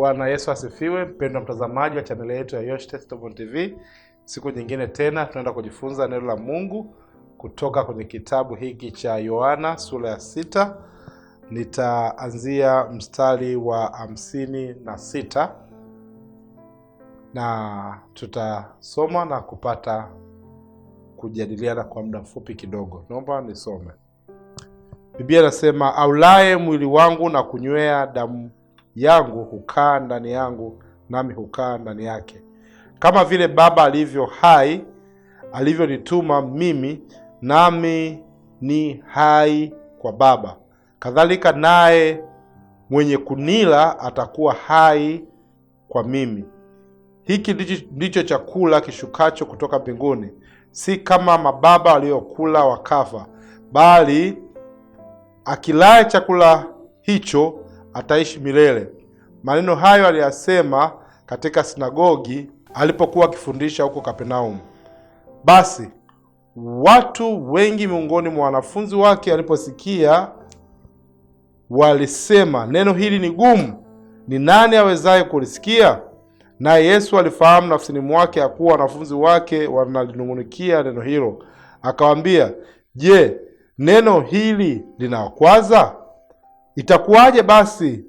Bwana Yesu asifiwe. Mpendwa mtazamaji wa chaneli yetu ya Yosh Testimony TV, siku nyingine tena tunaenda kujifunza neno la Mungu kutoka kwenye kitabu hiki cha Yohana sura ya sita. Nitaanzia mstari wa hamsini na sita na tutasoma na kupata kujadiliana kwa muda mfupi kidogo. Naomba nisome. Biblia nasema aulaye mwili wangu na kunywea damu yangu hukaa ndani yangu, nami hukaa ndani yake. Kama vile Baba alivyo hai, alivyonituma mimi, nami ni hai kwa Baba, kadhalika naye mwenye kunila atakuwa hai kwa mimi. Hiki ndicho chakula kishukacho kutoka mbinguni, si kama mababa waliokula wakafa, bali akilaye chakula hicho ataishi milele. Maneno hayo aliyasema katika sinagogi alipokuwa akifundisha huko kapenaum Basi watu wengi miongoni mwa wanafunzi wake aliposikia walisema, neno hili ni gumu, ni nani awezaye kulisikia? Naye Yesu alifahamu nafsini mwake ya kuwa wanafunzi wake wanalinung'unikia neno hilo, akawaambia, je, neno hili linawakwaza? Itakuwaje basi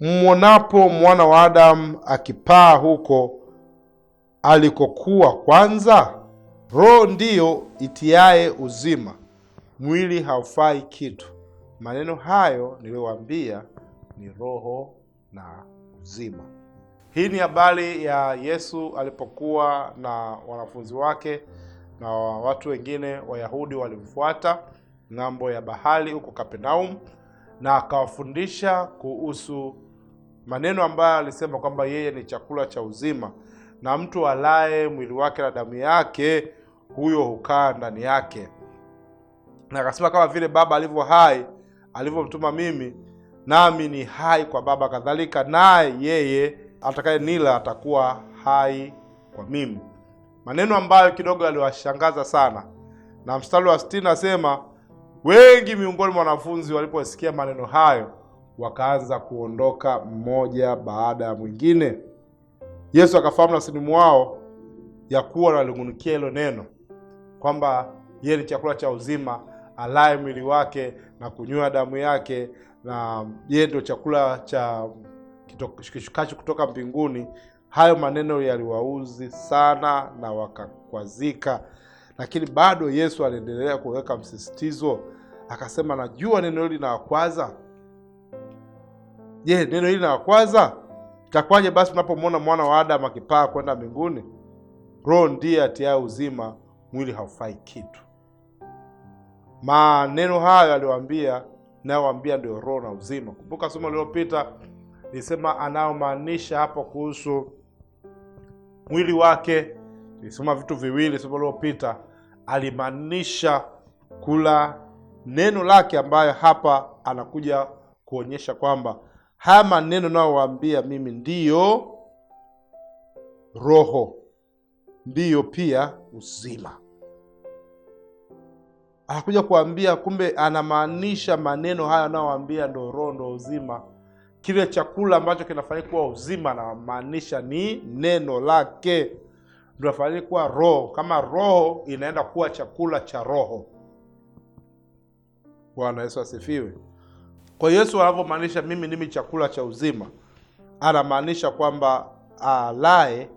mwonapo mwana wa Adamu akipaa huko alikokuwa kwanza? Roho ndiyo itiaye uzima, mwili haufai kitu. Maneno hayo niliyowaambia ni roho na uzima. Hii ni habari ya Yesu alipokuwa na wanafunzi wake na watu wengine Wayahudi walimfuata ng'ambo ya bahari huko Kapernaum na akawafundisha kuhusu maneno ambayo alisema kwamba yeye ni chakula cha uzima, na mtu alaye mwili wake na damu yake huyo hukaa ndani yake. Na akasema kama vile Baba alivyo hai alivyomtuma mimi, nami ni hai kwa Baba, kadhalika naye yeye atakaye nila atakuwa hai kwa mimi. Maneno ambayo kidogo aliwashangaza sana, na mstari wa sitini nasema Wengi miongoni mwa wanafunzi waliposikia maneno hayo wakaanza kuondoka mmoja baada ya mwingine. Yesu akafahamu nafsini mwao ya kuwa wanaling'unikia hilo neno kwamba yeye ni chakula cha uzima, alaye mwili wake na kunywa damu yake, na yeye ndio chakula cha kishukacho kutoka mbinguni. Hayo maneno yaliwauzi sana na wakakwazika, lakini bado Yesu aliendelea kuweka msisitizo Akasema, najua neno hili linawakwaza. Je, neno hili linawakwaza? Itakuwaje basi unapomwona mwana wa Adamu akipaa kwenda mbinguni? Roho ndiye atiaye uzima, mwili haufai kitu. Maneno hayo aliwaambia, nayowambia ndio roho na uzima. Kumbuka somo lililopita nilisema anayomaanisha hapo kuhusu mwili wake. Nilisema vitu viwili somo lililopita, alimaanisha kula neno lake, ambayo hapa anakuja kuonyesha kwamba haya maneno nayowaambia mimi ndiyo roho, ndiyo pia uzima. Anakuja kuambia, kumbe anamaanisha maneno haya anaowambia ndo roho, ndo uzima. Kile chakula ambacho kinafanyika kuwa uzima, anamaanisha ni neno lake, ndo nafanyika kuwa roho. Kama roho inaenda kuwa chakula cha roho Bwana Yesu asifiwe. Kwa Yesu anavyomaanisha mimi ndimi chakula cha uzima, anamaanisha kwamba alaye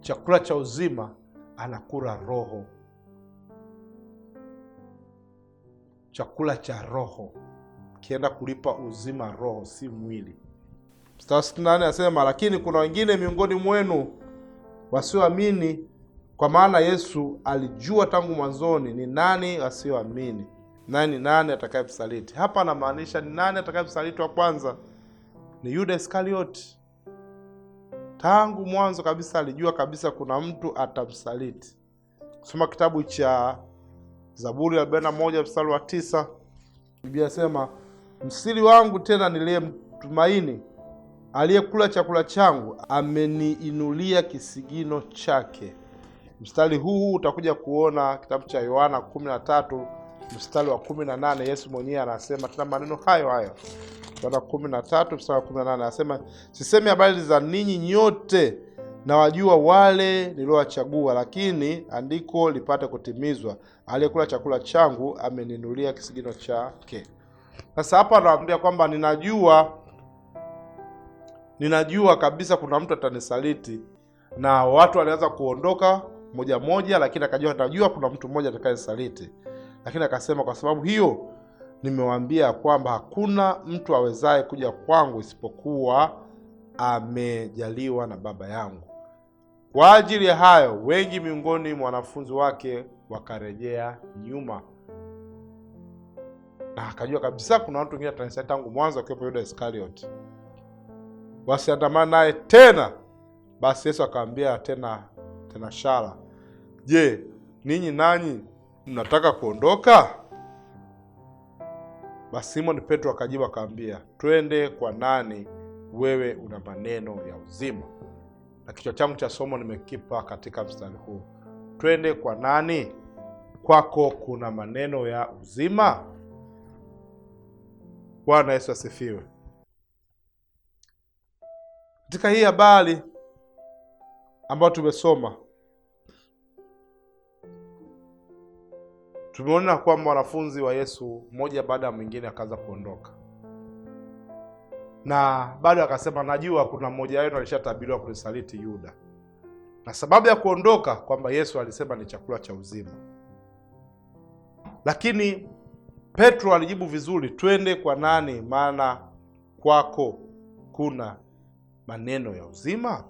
chakula cha uzima anakula roho, chakula cha roho kienda kulipa uzima roho, si mwili. Mstari sitini na nane anasema lakini kuna wengine miongoni mwenu wasioamini, kwa maana Yesu alijua tangu mwanzoni ni nani wasioamini nani nani atakayemsaliti. Hapa anamaanisha ni nani atakayemsaliti wa kwanza? Ni Yuda Iskarioti. Tangu mwanzo kabisa alijua kabisa kuna mtu atamsaliti. kusoma kitabu cha Zaburi 41 mstari wa tisa. Biblia sema msiri wangu tena mtumaini aliyekula chakula changu, ameniinulia kisigino chake. Mstari huu utakuja kuona kitabu cha Yohana 13 mstari wa kumi na nane Yesu mwenyewe anasema tena maneno hayo hayo. Yohana kumi na tatu mstari wa kumi na nane anasema sisemi habari za ninyi nyote, nawajua wale niliowachagua, lakini andiko lipate kutimizwa, aliyekula chakula changu ameninulia kisigino chake. Sasa hapa anawambia kwamba ninajua, ninajua kabisa kuna mtu atanisaliti, na watu walianza kuondoka moja moja, lakini akajua, najua kuna mtu mmoja atakayesaliti lakini akasema kwa sababu hiyo nimewaambia kwamba hakuna mtu awezaye kuja kwangu isipokuwa amejaliwa na Baba yangu. Kwa ajili ya hayo wengi miongoni mwa wanafunzi wake wakarejea nyuma, na akajua kabisa kuna watu wengine atanisai tangu mwanzo, akiwepo Yuda iskariot wasiandamana naye tena. Basi Yesu akawambia tena tena Shara, je, ninyi nanyi mnataka kuondoka? Basi Simoni Petro akajibu akaambia, twende kwa nani? Wewe una maneno ya uzima. Na kichwa changu cha somo nimekipa katika mstari huu, twende kwa nani? Kwako kuna maneno ya uzima. Bwana Yesu asifiwe. Katika hii habari ambayo tumesoma tumeona kwamba wanafunzi wa Yesu mmoja baada ya mwingine akaanza kuondoka, na bado akasema, najua kuna mmoja wenu alishatabiriwa kunisaliti, Yuda. Na sababu ya kuondoka kwamba Yesu alisema ni chakula cha uzima, lakini Petro alijibu vizuri, twende kwa nani? Maana kwako kuna maneno ya uzima.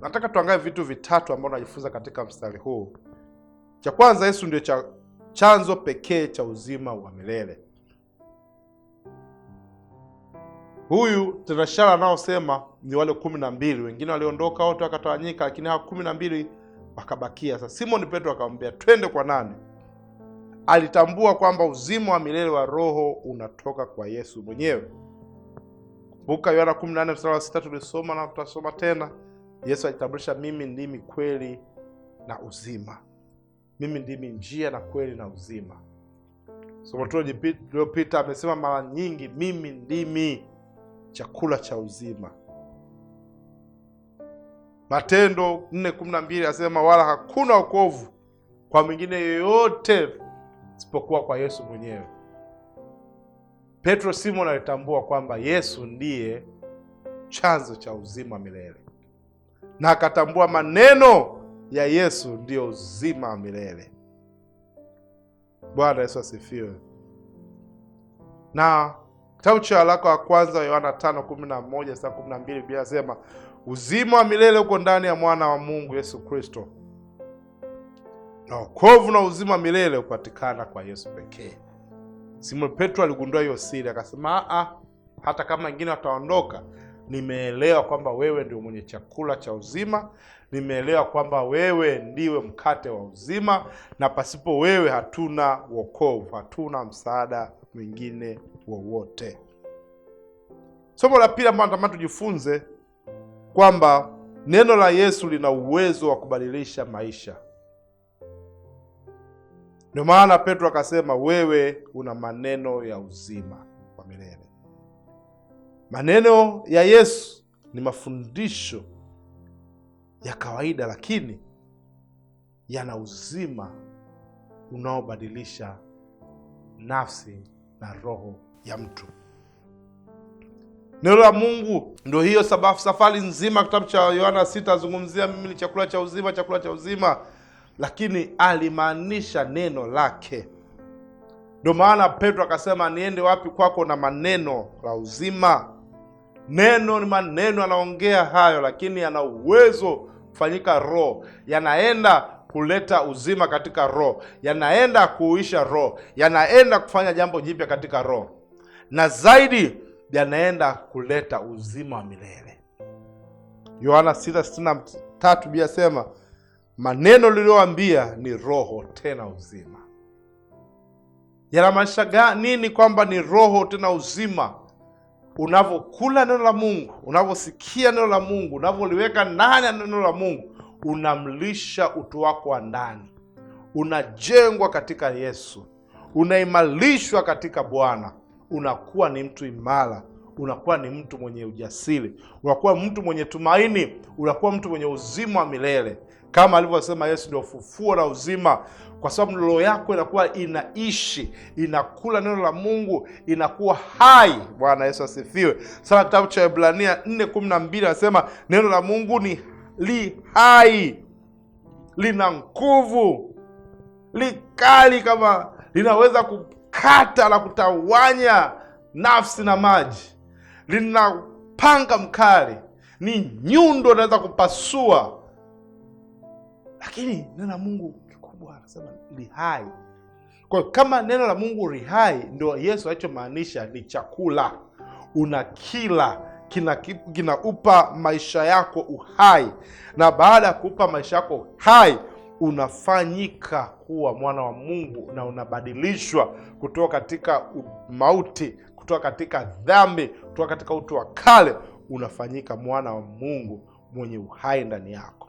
Nataka tuangalie vitu vitatu ambavyo najifunza katika mstari huu cha kwanza, Yesu ndio cha chanzo pekee cha uzima wa milele. Huyu tenashara anaosema ni wale kumi na mbili, wengine waliondoka wote wakatawanyika, lakini hawa kumi na mbili wakabakia. Sasa Simoni Petro akamwambia twende kwa nani? Alitambua kwamba uzima wa milele wa roho unatoka kwa Yesu mwenyewe. Kumbuka Yohana 14 mstari wa sita tulisoma na tutasoma tena. Yesu alitambulisha mimi ndimi kweli na uzima mimi ndimi njia na kweli na uzima. Somo lililopita amesema mara nyingi, mimi ndimi chakula cha uzima. Matendo 4:12 kumi asema wala hakuna wokovu kwa mwingine yoyote isipokuwa kwa Yesu mwenyewe. Petro Simon alitambua kwamba Yesu ndiye chanzo cha uzima milele, na akatambua maneno ya Yesu ndio uzima wa milele. Bwana Yesu asifiwe. Na kitabu cha waraka wa kwanza Yohana 5:11 saa 12, Biblia inasema uzima wa milele uko ndani ya mwana wa Mungu Yesu Kristo, na wokovu na uzima wa milele hupatikana kwa Yesu pekee. Simon Petro aligundua hiyo siri, akasema, hata kama wengine wataondoka nimeelewa kwamba wewe ndio mwenye chakula cha uzima, nimeelewa kwamba wewe ndiwe mkate wa uzima, na pasipo wewe hatuna wokovu, hatuna msaada mwingine wowote. Somo la pili ambalo natamani tujifunze kwamba neno la Yesu lina uwezo wa kubadilisha maisha. Ndio maana Petro akasema, wewe una maneno ya uzima wa milele. Maneno ya Yesu ni mafundisho ya kawaida, lakini yana uzima unaobadilisha nafsi na roho ya mtu. Neno la Mungu ndio hiyo sababu. Safari nzima kitabu cha Yohana 6 azungumzia mimi ni chakula cha uzima, chakula cha uzima, lakini alimaanisha neno lake. Ndio maana Petro akasema niende wapi kwako na maneno la uzima? Neno ni maneno, anaongea hayo, lakini yana uwezo kufanyika roho, yanaenda kuleta uzima katika roho, yanaenda kuuisha roho, yanaenda kufanya jambo jipya katika roho, na zaidi yanaenda kuleta uzima wa milele. Yohana 6:63 Biblia sema maneno liliyoambia ni roho tena uzima. Yanamaanisha nini kwamba ni roho tena uzima? unavyokula neno la Mungu, unavyosikia neno la Mungu, unavyoliweka ndani ya neno la Mungu, unamlisha utu wako wa ndani, unajengwa katika Yesu, unaimarishwa katika Bwana, unakuwa ni mtu imara unakuwa ni mtu mwenye ujasiri, unakuwa mtu mwenye tumaini, unakuwa mtu mwenye uzima wa milele, kama alivyosema Yesu ndio ufufuo na uzima, kwa sababu roho yako inakuwa inaishi, inakula neno la Mungu, inakuwa hai. Bwana Yesu asifiwe sana. Kitabu cha Ibrania 4:12 anasema neno la Mungu ni li hai, lina nguvu, likali kama linaweza kukata na kutawanya nafsi na maji lina panga mkali, ni nyundo inaweza kupasua, lakini neno la Mungu kikubwa, anasema li hai. Kwa kama neno la Mungu li hai, ndio Yesu alichomaanisha ni chakula unakila kina kinaupa maisha yako uhai, na baada ya kuupa maisha yako uhai unafanyika kuwa mwana wa Mungu na unabadilishwa kutoka katika mauti, kutoka katika dhambi, kutoka katika utu wa kale, unafanyika mwana wa Mungu mwenye uhai ndani yako.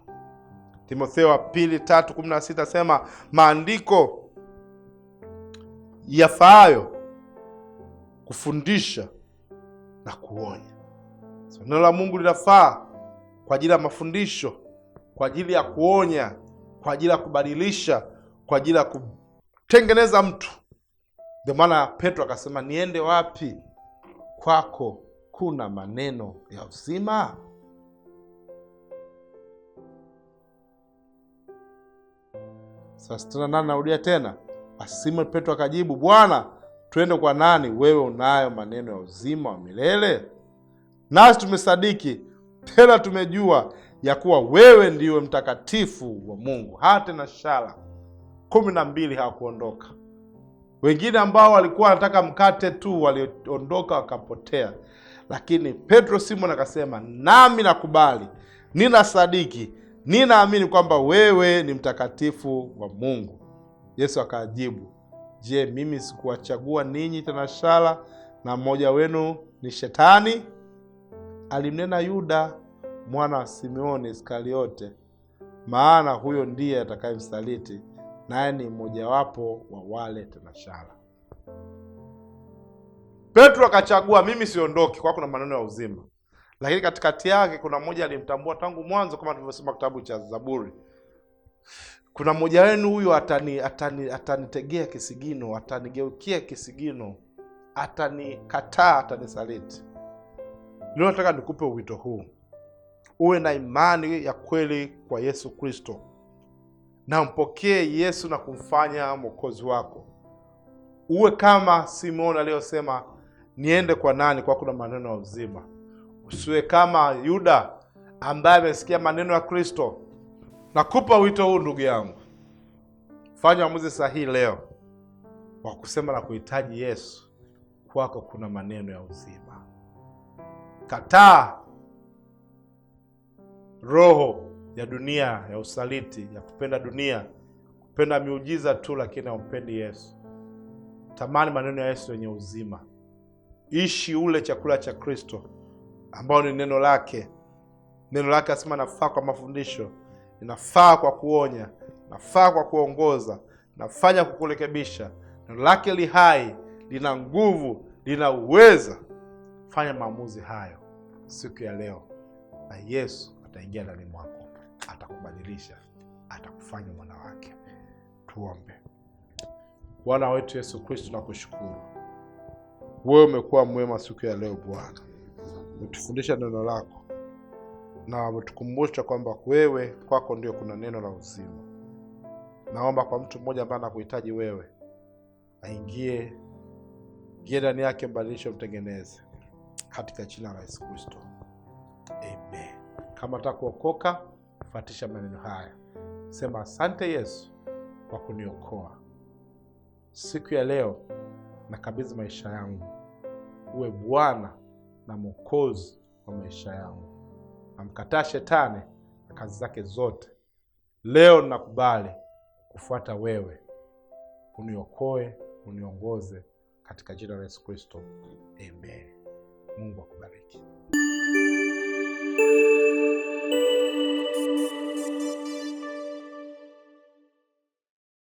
Timotheo wa pili tatu kumi na sita sema maandiko yafaayo kufundisha na kuonya. So, neno la Mungu linafaa kwa ajili ya mafundisho, kwa ajili ya kuonya, kwa ajili ya kubadilisha, kwa ajili ya kutengeneza mtu. Ndio maana Petro akasema niende wapi? kwako kuna maneno ya uzima? Sasa narudia tena, basi Petro akajibu, Bwana, twende kwa nani? Wewe unayo maneno ya uzima wa milele, nasi tumesadiki tena tumejua ya kuwa wewe ndiwe mtakatifu wa Mungu. Hata na shala kumi na mbili hawakuondoka wengine ambao walikuwa wanataka mkate tu waliondoka wakapotea, lakini Petro Simon akasema, nami nakubali, nina sadiki, ninaamini kwamba wewe ni mtakatifu wa Mungu. Yesu akajibu, je, mimi sikuwachagua ninyi shala na mmoja wenu ni Shetani? Alimnena Yuda mwana wa Simeoni Iskariote, maana huyo ndiye atakayemsaliti naye ni mmojawapo wa wale tenashara. Petro akachagua, mimi siondoki kwa kuna maneno ya uzima, lakini katikati yake kuna mmoja alimtambua tangu mwanzo, kama tulivyosema kitabu cha Zaburi, kuna mmoja wenu huyu atani atani atanitegea kisigino, atanigeukia kisigino, atanikataa, atanisaliti. Leo nataka nikupe wito huu, uwe na imani ya kweli kwa Yesu Kristo na mpokee Yesu na kumfanya mwokozi wako. Uwe kama simon aliyosema niende kwa nani, kwa kuna maneno ya uzima. Usiwe kama Yuda ambaye amesikia maneno ya Kristo. Nakupa wito huu ndugu yangu, fanya uamuzi sahihi leo wa kusema na kuhitaji Yesu, kwako kuna maneno ya uzima. Kataa roho ya dunia, ya usaliti, ya kupenda dunia, kupenda miujiza tu, lakini haumpendi Yesu. Tamani maneno ya Yesu yenye uzima. Ishi ule chakula cha Kristo ambao ni neno lake. Neno lake asema nafaa kwa mafundisho, inafaa kwa kuonya, nafaa kwa kuongoza, nafanya kukurekebisha. Neno lake li hai, lina nguvu, lina uweza. Fanya maamuzi hayo siku ya leo, na Yesu ataingia ndani mwako atakubadilisha, atakufanya mwanawake Tuombe. Bwana wetu Yesu Kristo, nakushukuru wewe, umekuwa mwema siku ya leo Bwana, umetufundisha neno lako na umetukumbusha kwamba wewe kwako ndio kuna neno la uzima. Naomba kwa mtu mmoja ambaye anakuhitaji wewe, aingie ingie ndani yake, mbadilishe, mtengeneze katika jina la Yesu Kristo, amen. Kama atakuokoka fuatisha maneno haya, sema asante Yesu kwa kuniokoa. Siku ya leo nakabidhi maisha yangu, uwe Bwana na Mwokozi wa maisha yangu. Namkataa shetani na kazi zake zote. Leo nakubali kufuata wewe, uniokoe, uniongoze katika jina la Yesu Kristo, amen. Mungu akubariki.